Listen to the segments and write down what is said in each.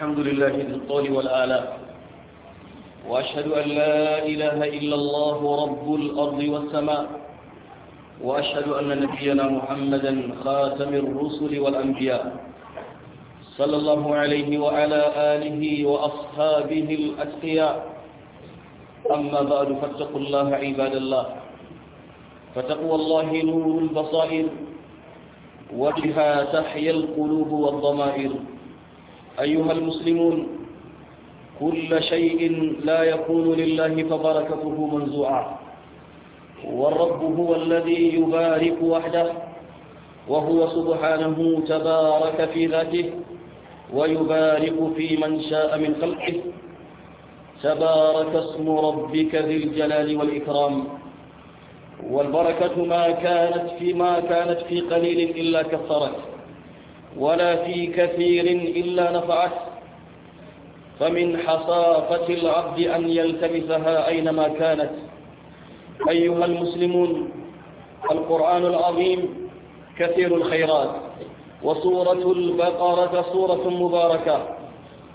الحمد لله ذي الطول والآلاء وأشهد أن لا إله إلا الله رب الأرض والسماء وأشهد أن نبينا محمدا خاتم الرسل والأنبياء صلى الله عليه وعلى آله وأصحابه الأتقياء أما بعد فاتقوا الله عباد الله فتقوى الله نور البصائر وبها تحيا القلوب والضمائر أيها المسلمون كل شيء لا يكون لله فبركته منزوعة والرب هو الذي يبارك وحده وهو سبحانه تبارك في ذاته ويبارك في من شاء من خلقه تبارك اسم ربك ذي الجلال والإكرام والبركة ما كانت فيما كانت في قليل إلا كثرت ولا في كثير إلا نفعه فمن حصافة العبد أن يلتمسها أينما كانت أيها المسلمون القرآن العظيم كثير الخيرات وسورة البقرة سورة مباركة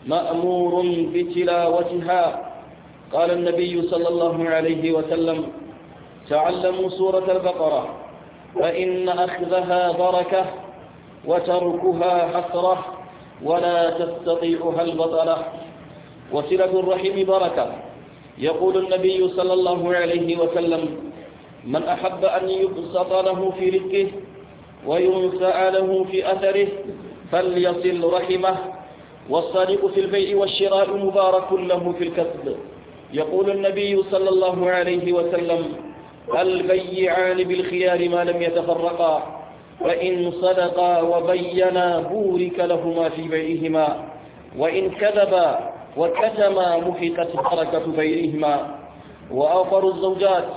مأمور بتلاوتها قال النبي صلى الله عليه وسلم تعلموا سورة البقرة فإن أخذها بركة وتركها حسرة ولا تستطيعها البطلة وصلة الرحم بركة يقول النبي صلى الله عليه وسلم من أحب أن يبسط له في رزقه وينفع له في أثره فليصل رحمه والصادق في البيع والشراء مبارك له في الكسب يقول النبي صلى الله عليه وسلم البيعان بالخيار ما لم يتفرقا فإن صدقا وبينا بورك لهما في بيعهما وإن كذبا وكتما محقت بركة بيعهما وأوفر الزوجات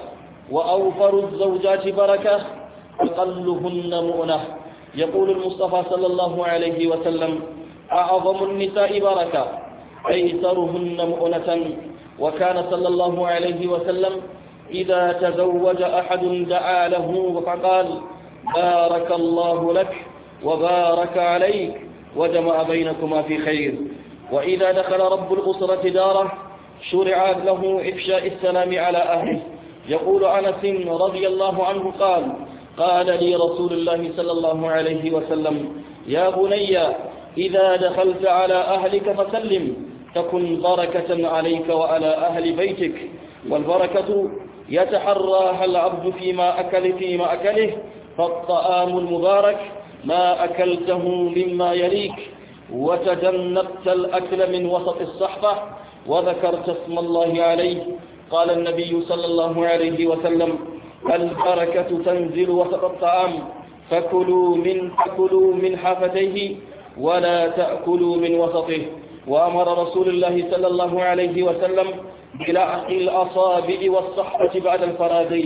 وأوفر الزوجات بركة أقلهن مؤنة يقول المصطفى صلى الله عليه وسلم أعظم النساء بركة أيسرهن مؤنة وكان صلى الله عليه وسلم إذا تزوج أحد دعا له فقال بارك الله لك وبارك عليك وجمع بينكما في خير وإذا دخل رب الأسرة داره شرع له إفشاء السلام على أهله يقول أنس رضي الله عنه قال قال لي رسول الله صلى الله عليه وسلم يا بني إذا دخلت على أهلك فسلم تكن بركة عليك وعلى أهل بيتك والبركة يتحراها العبد فيما أكل فيما أكله فالطعام المبارك ما أكلته مما يليك وتجنبت الأكل من وسط الصحفة وذكرت اسم الله عليه قال النبي صلى الله عليه وسلم البركة تنزل وسط الطعام فكلوا من فكلوا من حافتيه ولا تأكلوا من وسطه وأمر رسول الله صلى الله عليه وسلم بلعق الأصابع والصحفة بعد الفراغ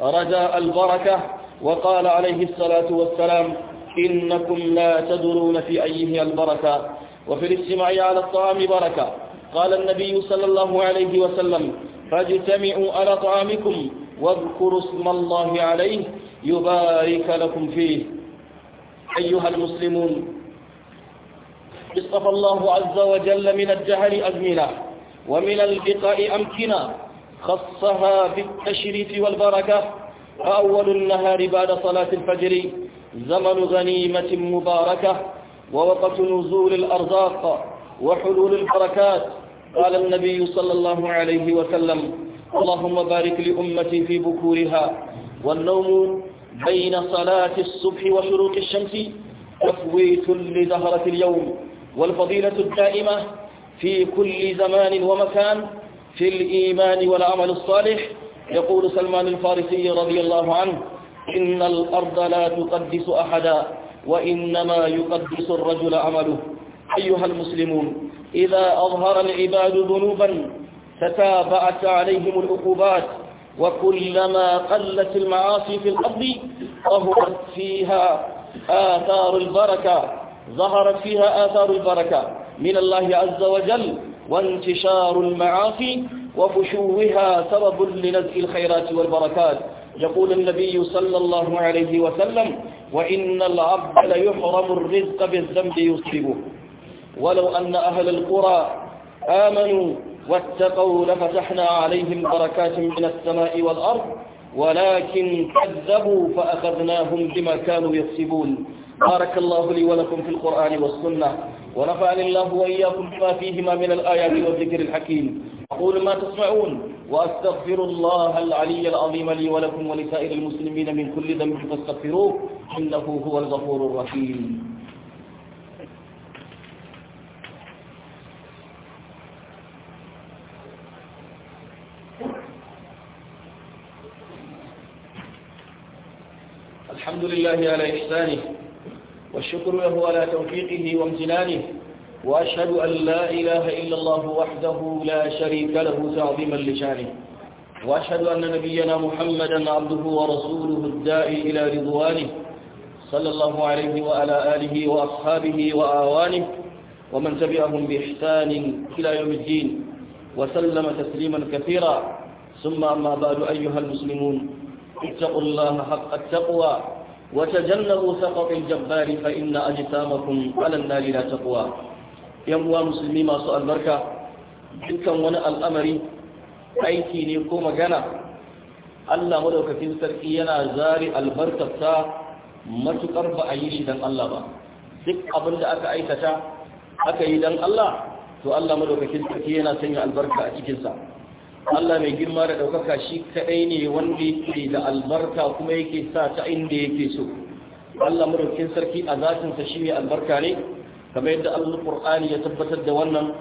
رجاء البركة وقال عليه الصلاة والسلام إنكم لا تدرون في أيه البركة وفي الاجتماع على الطعام بركة قال النبي صلى الله عليه وسلم فاجتمعوا على طعامكم واذكروا اسم الله عليه يبارك لكم فيه أيها المسلمون اصطفى الله عز وجل من الجهل أزمنا ومن البقاء أمكنة خصها بالتشريف والبركة وأول النهار بعد صلاة الفجر زمن غنيمة مباركة ووقت نزول الأرزاق وحلول البركات قال النبي صلى الله عليه وسلم اللهم بارك لأمتي في بكورها والنوم بين صلاة الصبح وشروق الشمس تفويت لزهرة اليوم والفضيلة الدائمة في كل زمان ومكان في الإيمان والعمل الصالح يقول سلمان الفارسي رضي الله عنه إن الأرض لا تقدس أحدا وإنما يقدس الرجل عمله أيها المسلمون إذا أظهر العباد ذنوبا تتابعت عليهم العقوبات وكلما قلت المعاصي في الأرض ظهرت فيها آثار البركة ظهرت فيها آثار البركة من الله عز وجل وانتشار المعاصي وفشوها سبب لنزع الخيرات والبركات يقول النبي صلى الله عليه وسلم وإن العبد ليحرم الرزق بالذنب يصيبه ولو أن أهل القرى آمنوا واتقوا لفتحنا عليهم بركات من السماء والأرض ولكن كذبوا فأخذناهم بما كانوا يكسبون بارك الله لي ولكم في القرآن والسنة ونفعني الله وإياكم بما فيهما من الآيات والذكر الحكيم أقول ما تسمعون وأستغفر الله العلي العظيم لي ولكم ولسائر المسلمين من كل ذنب فاستغفروه إنه هو الغفور الرحيم الحمد لله على إحسانه والشكر له على توفيقه وامتنانه وأشهد أن لا إله إلا الله وحده لا شريك له تعظيما لشانه وأشهد أن نبينا محمدا عبده ورسوله الداعي إلى رضوانه صلى الله عليه وعلى آله وأصحابه وآوانه ومن تبعهم بإحسان إلى يوم الدين وسلم تسليما كثيرا ثم أما بعد أيها المسلمون اتقوا الله حق التقوى وتجنبوا سقط الجبار فإن أجسامكم على النار لا تقوى 'Yan uwa Musulmi سؤال albarka, dukan wani al'amari aiki ne ko magana Allah madaukakin sarki yana zari albarkarsa matukar ba a yi idan Allah ba duk abin da aka aikata aka yi don Allah to Allah madaukakin sarki yana sanya albarka a cikinsa Allah mai girma da ɗaukaka shi kaɗai ne wanda yake da albarka kuma yake sa ta inda yake so Allah madaukin sarki a zatinsa shi ne albarka ne kamar yadda Allah Qur'ani ya tabbatar da wannan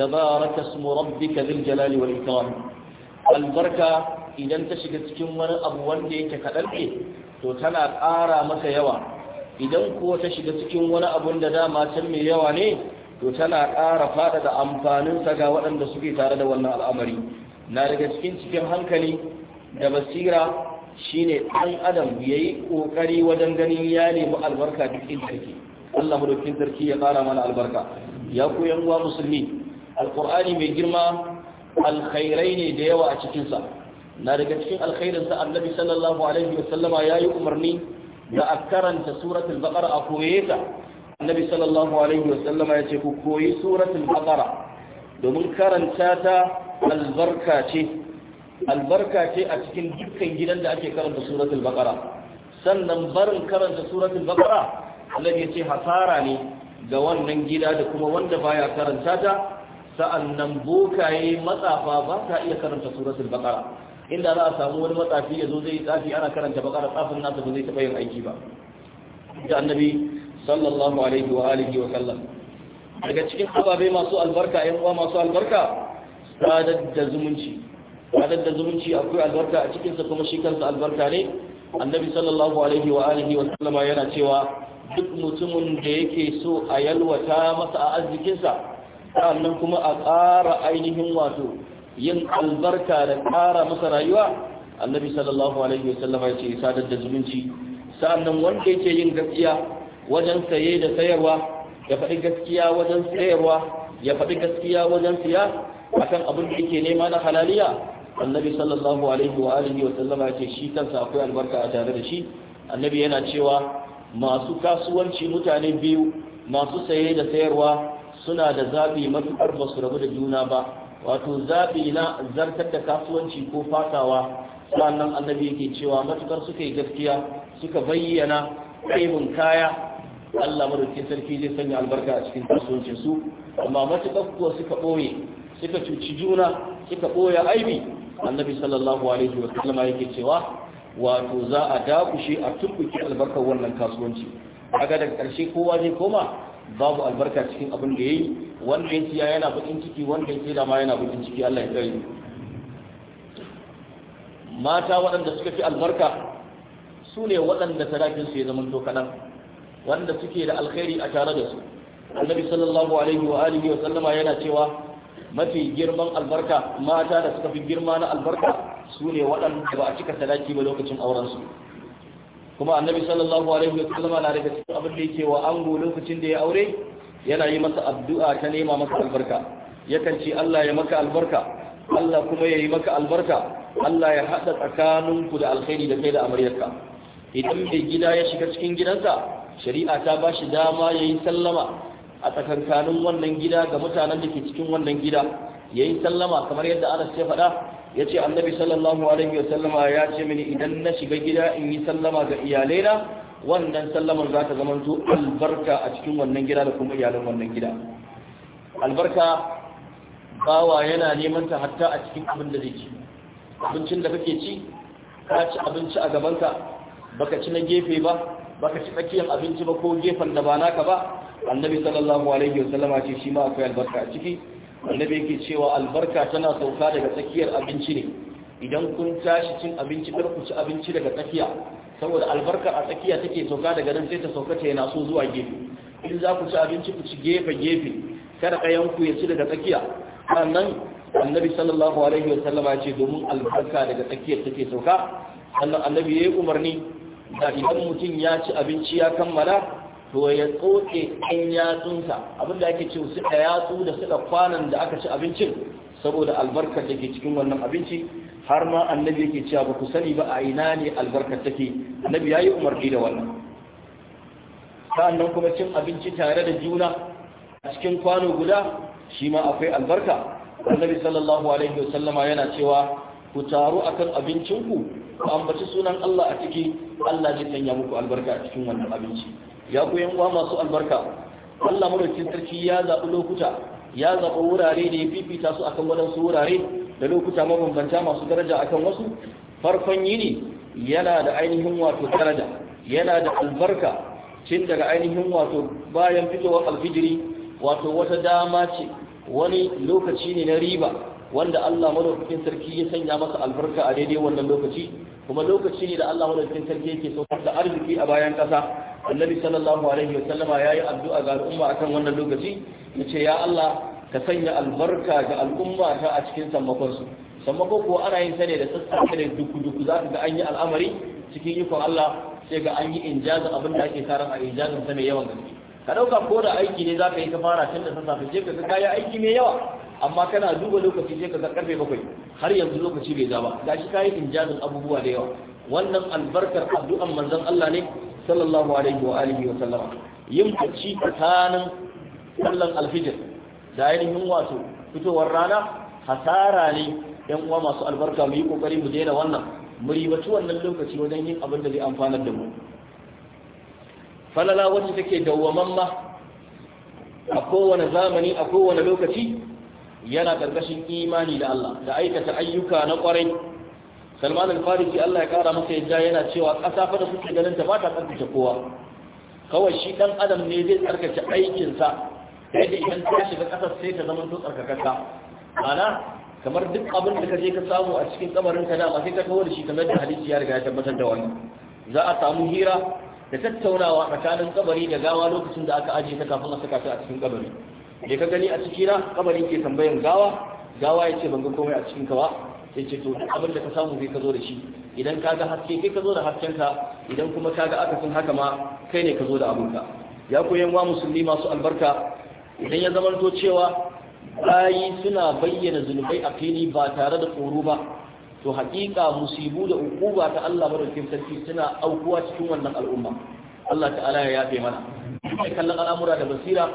tabaraka ismu rabbika dhil jalali wal ikram albarka idan ta shiga cikin wani abu wanda yake kaɗan ne to tana ƙara masa yawa idan kuwa ta shiga cikin wani abu da dama can mai yawa ne to tana ƙara faɗaɗa amfaninsa ga waɗanda suke tare da wannan al'amari na daga cikin cikin hankali da basira shine ɗan adam ya yi ƙoƙari wajen ganin ya nemi albarka duk inda sarki. Allah madaukin sarki ya ƙara mana albarka ya ku uwa musulmi alƙur'ani mai girma alkhairai ne da yawa a cikinsa na daga cikin alkhairinsa annabi sallallahu alaihi wasallama ya yi umarni da a karanta suratul baqara a koye ta annabi sallallahu alaihi wasallama ya ce ku koyi suratul baqara domin karanta ta albarka ce albarka ce a cikin dukkan gidan da ake karanta suratul baqara sannan barin karanta suratul baqara Allah ya ce hasara ne ga wannan gida da kuma wanda baya karanta ta sa'annan bokaye matsafa ba ta iya karanta suratul baqara inda za a samu wani matsafi ya zo zai tsafi ana karanta baqara tsafin nasa ba zai taɓa yin aiki ba da annabi sallallahu alaihi wa alihi wa sallam daga cikin ababe masu albarka 'yan uwa masu albarka sadar da zumunci sadar da zumunci akwai albarka a cikinsa kuma shi kansa albarka ne annabi sallallahu alaihi wa alihi wa sallama yana cewa duk mutumin da yake so a yalwata masa a arzikinsa sannan kuma a ƙara ainihin wato yin albarka da ƙara masa rayuwa annabi sallallahu alaihi wa sallama ya ce sadar da zumunci sannan wanda yake yin gaskiya wajen saye da sayarwa ya faɗi gaskiya wajen sayarwa ya faɗi gaskiya wajen siya akan abin da yake nema na halaliya annabi sallallahu alaihi wa alihi wa sallama ce shi kansa akwai albarka a tare da shi annabi yana cewa masu kasuwanci mutane biyu masu saye da sayarwa suna da zabi matuƙar ba su rabu da juna ba wato zabi na zartar da kasuwanci ko fatawa sannan annabi yake cewa matukar suka yi gaskiya suka bayyana kaibin kaya Allah madaukakin sarki zai sanya albarka a cikin kasuwancin su amma matuƙar kuwa suka ɓoye suka cuci juna suka ɓoya aibi annabi sallallahu alaihi wa sallama yake cewa wato za a dakushe a tumbuki albarkar wannan kasuwanci kaga daga ƙarshe kowa zai koma babu albarka cikin abin da yayi wanda ya siya yana bakin ciki wanda ya siya ma yana bakin ciki Allah ya tsare mata waɗanda suka fi albarka su ne waɗanda sadakin su ya zama to kaɗan wanda suke da alkhairi a tare da su annabi sallallahu alaihi wa alihi wa sallama yana cewa mafi girman albarka mata da suka fi girma na albarka su ne waɗanda ba a cika sadaki ba lokacin aurensu kuma annabi sallallahu alaihi wa sallama na daga cikin abin da yake wa ango lokacin da ya aure yana yi masa addu'a ta nema masa albarka yakan ce Allah ya maka albarka Allah kuma ya yi maka albarka Allah ya hada tsakaninku da alkhairi da kai da amaryarka idan mai gida ya shiga cikin gidansa shari'a ta ba shi dama ya yi sallama a tsakankanin wannan gida ga mutanen da ke cikin wannan gida ya yi sallama kamar yadda Anas ya faɗa ce, Annabi sallallahu alaihi wasallama ya ce mini idan na shiga gida in yi sallama ga iyalaina wannan sallamar za ta zamanto albarka a cikin wannan gida da kuma iyalan wannan gida albarka bawa yana neman ta hatta a cikin abin da zai ci abincin da kake ci ka ci abinci a gabanka baka ci na gefe ba baka ci tsakiyar abinci ba ko gefen da ba naka ba annabi sallallahu alaihi wasallama ce shi ma akwai albarka a ciki annabi yake cewa albarka tana sauka daga tsakiyar abinci ne idan kun tashi cin abinci kar ku ci abinci daga tsakiya saboda albarka a tsakiya take sauka daga nan sai ta sauka ta yana so zuwa gefe in za ku ci abinci ku ci gefe gefe kada kayan ku ya ci daga tsakiya sannan annabi sallallahu alaihi wasallama ce domin albarka daga tsakiyar take sauka sannan annabi yayi umarni da idan mutum ya ci abinci ya kammala to ya tsotse ɗan yatsunsa abinda ake ce su ɗaya yatsu da suka kwanan da aka ci abincin saboda albarkar da ke cikin wannan abinci har ma annabi yake cewa ba ku sani ba a ina ne albarkar take annabi ya yi umarni da wannan sa'annan kuma cin abinci tare da juna a cikin kwano guda shi ma akwai albarka annabi sallallahu alaihi wasallama yana cewa ku taru akan abincinku ku ambaci sunan Allah a ciki Allah zai sanya muku albarka a cikin wannan abinci ya ku yin uwa masu albarka Allah madaukakin sarki ya zaɓi lokuta ya zaɓi wurare da ya fifita su akan waɗansu wurare da lokuta mabambanta masu daraja akan wasu farkon yini yana da ainihin wato daraja yana da albarka cin daga ainihin wato bayan fitowar alfijiri wato wata dama ce wani lokaci ne na riba wanda Allah madaukakin sarki ya sanya masa albarka a daidai wannan lokaci kuma lokaci ne da Allah madaukakin sarki yake saukar da arziki a bayan kasa annabi sallallahu alaihi wa sallama yayi addu'a ga al'umma akan wannan lokaci yace ya Allah ka sanya albarka ga al'umma ta a cikin sammakon su sammako ko ana yin sa ne da sassafe da duku duku za ka ga an yi al'amari cikin ikon Allah sai ga an yi injazin abin da ake taron a injazin mai yawan gaske ka ɗauka ko da aiki ne za ka yi ka fara tun da sassafe je ka ga kayan aiki mai yawa amma kana duba lokaci je ka ga karfe bakwai har yanzu lokaci bai za ba shi kayi injazin abubuwa da yawa wannan albarkar addu'an manzon Allah ne sallallahu alaihi wa alihi wa sallama yin bacci tsakanin sallan alfijir da yin wato fitowar rana hasara ne yan uwa masu albarka mu yi kokari mu daina wannan mu ribaci wannan lokaci wajen yin abin da zai amfanar da mu falala wacce take dawwamamma a kowane zamani a kowane lokaci yana karkashin imani da Allah da aikata ayyuka na kwarai Salman al-Farisi Allah ya kara masa yadda yana cewa ƙasa fa da suke ganin ta ba ta tsarkace kowa kawai shi dan adam ne zai tsarkace aikinsa yadda idan ta shiga ƙasar sai ta zama to tsarkakakka ana kamar duk abin da ka je ka samu a cikin kabarin ka dama sai ka kawo da shi kamar da hadisi ya riga ya tabbatar da wani za a samu hira da tattaunawa tsakanin kabari da gawa lokacin da aka aje ta kafin a saka ta a cikin kabari me ka gani a ciki na kabari ke tambayan gawa gawa ya ce ban ga komai a cikin ka ba sai ce to abin da ka samu zai ka zo da shi idan ka ga haske kai ka zo da haskenka idan kuma ka ga akasin haka ma kai ne ka zo da ka. ya koyan wa musulmi masu albarka idan ya zamanto cewa bayi suna bayyana zunubai a fili ba tare da tsoro ba to haƙiƙa musibu da ukuba ta Allah madaukakin sarki suna aukuwa cikin wannan al'umma Allah ta'ala ya yafe mana kai kallon al'amura da basira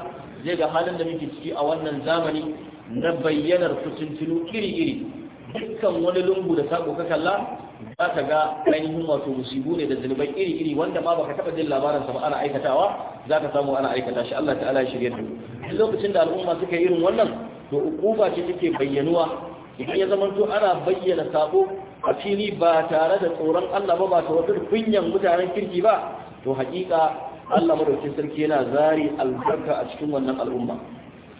zai ga halin da muke ciki a wannan zamani na bayyanar fitintunu iri-iri dukkan wani lungu da sako ka kalla za ka ga ainihin wato musibu ne da zunubai iri-iri wanda ma baka taɓa jin labaransa ba ana aikatawa za ka samu ana aikata shi Allah ta'ala ya shirye da lokacin da al'umma suka yi irin wannan to ukuba ce take bayyanuwa idan ya to ana bayyana sabo a fili ba tare da tsoron Allah ba ba ta wasu kunyan mutanen kirki ba to hakika Allah madaukin sarki yana zari albarka a cikin wannan al'umma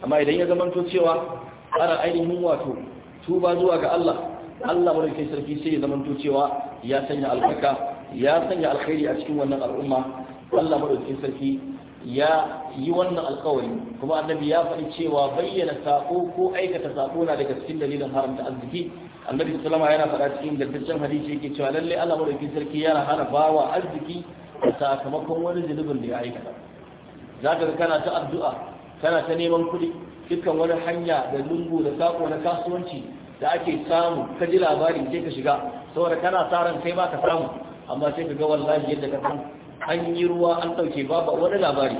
amma idan ya to cewa ana ainihin wato tuba zuwa ga Allah Allah madaukin sarki sai ya to cewa ya sanya albarka ya sanya alkhairi a cikin wannan al'umma Allah madaukakin sarki ya yi wannan alkawari kuma annabi ya faɗi cewa bayyana sako ko aikata sako na daga cikin dalilin haramta arziki annabi sallama yana faɗa cikin dantaccen hadisi yake cewa lalle Allah madaukakin sarki yana hana bawa arziki sakamakon wani zunubin da ya aikata zaka ga kana ta addu'a kana ta neman kuɗi dukkan wani hanya da lungu da sako na kasuwanci da ake samu ka ji labarin sai ka shiga saboda kana sa ran kai ma ka samu amma sai ka ga wallahi yadda ka samu an yi ruwa an ɗauke babu wani labari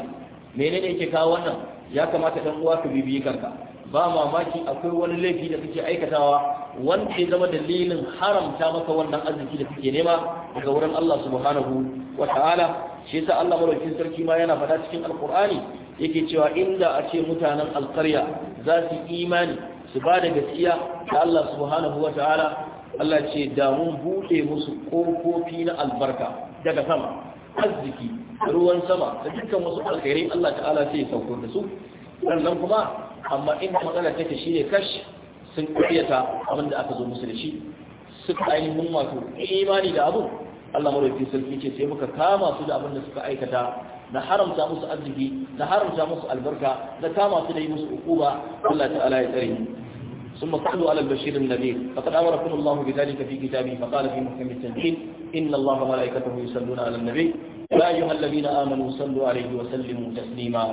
menene ke kawo wannan ya kamata dan uwa ka bibiyi kanka ba mamaki akwai wani laifi da kake aikatawa wanda ya zama dalilin haramta maka wannan arziki da kake nema daga wurin Allah subhanahu wa ta'ala shi yasa Allah madaukakin sarki ma yana faɗa cikin alqur'ani yake cewa inda a ce mutanen alƙarya za su imani su ba da gaskiya da Allah subhanahu wa ta'ala Allah ce da mun buɗe musu ƙofofi na albarka daga sama arziki ruwan sama da dukkan wasu alkhairai Allah ta'ala sai ya sauko da su sannan kuma amma inda matsalar take shine kash sun kuryata abin da aka zo musu da shi suka ainihin wato imani da abu Allah maraifi sarki ce sai muka kama su da abin da suka aikata na haramta musu arziki na haramta musu albarka na kama su da yi musu hukuma Allah ta'ala ya tsare ثم صلوا على البشير النذير فقد أمركم الله بذلك في كتابه فقال في محكم التنزيل إن الله وملائكته يصلون على النبي يا أيها الذين آمنوا صلوا عليه وسلموا تسليما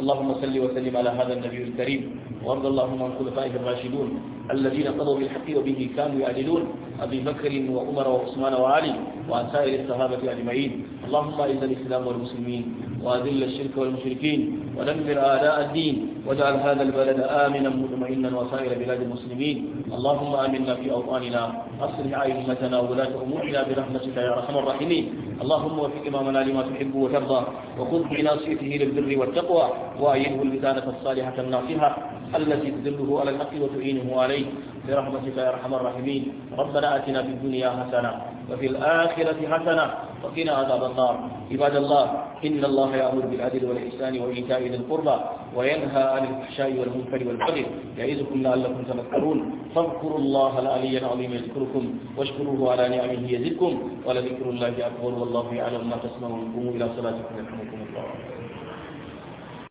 اللهم صل وسلم على هذا النبي الكريم وارض اللهم عن خلفائه الراشدون الذين قضوا بالحق وبه كانوا يعدلون أبي بكر وعمر وعثمان وعلي وعن سائر الصحابة أجمعين اللهم أعز الإسلام والمسلمين وأذل الشرك والمشركين ودمر آلاء الدين واجعل هذا البلد آمنا مطمئنا وسائر بلاد المسلمين اللهم آمنا في أوطاننا أصلح أئمتنا وولاة أمورنا برحمتك يا أرحم الراحمين اللهم وفق إمامنا لما تحب وترضى وخذ بناصيته للبر والتقوى وأيده اللسانة الصالحة الناصحة التي تدله على الحق وتعينه عليه برحمتك يا أرحم الراحمين ربنا آتنا في الدنيا حسنة وفي الآخرة حسنة وقنا عذاب النار عباد الله إن الله يأمر بالعدل والإحسان وإيتاء ذي القربى وينهى عن الفحشاء والمنكر والبغي يعظكم لعلكم تذكرون فاذكروا الله العلي العظيم يذكركم واشكروه على نعمه يزدكم ولذكر الله أكبر والله يعلم ما تسمعون قوموا إلى صلاتكم يرحمكم الله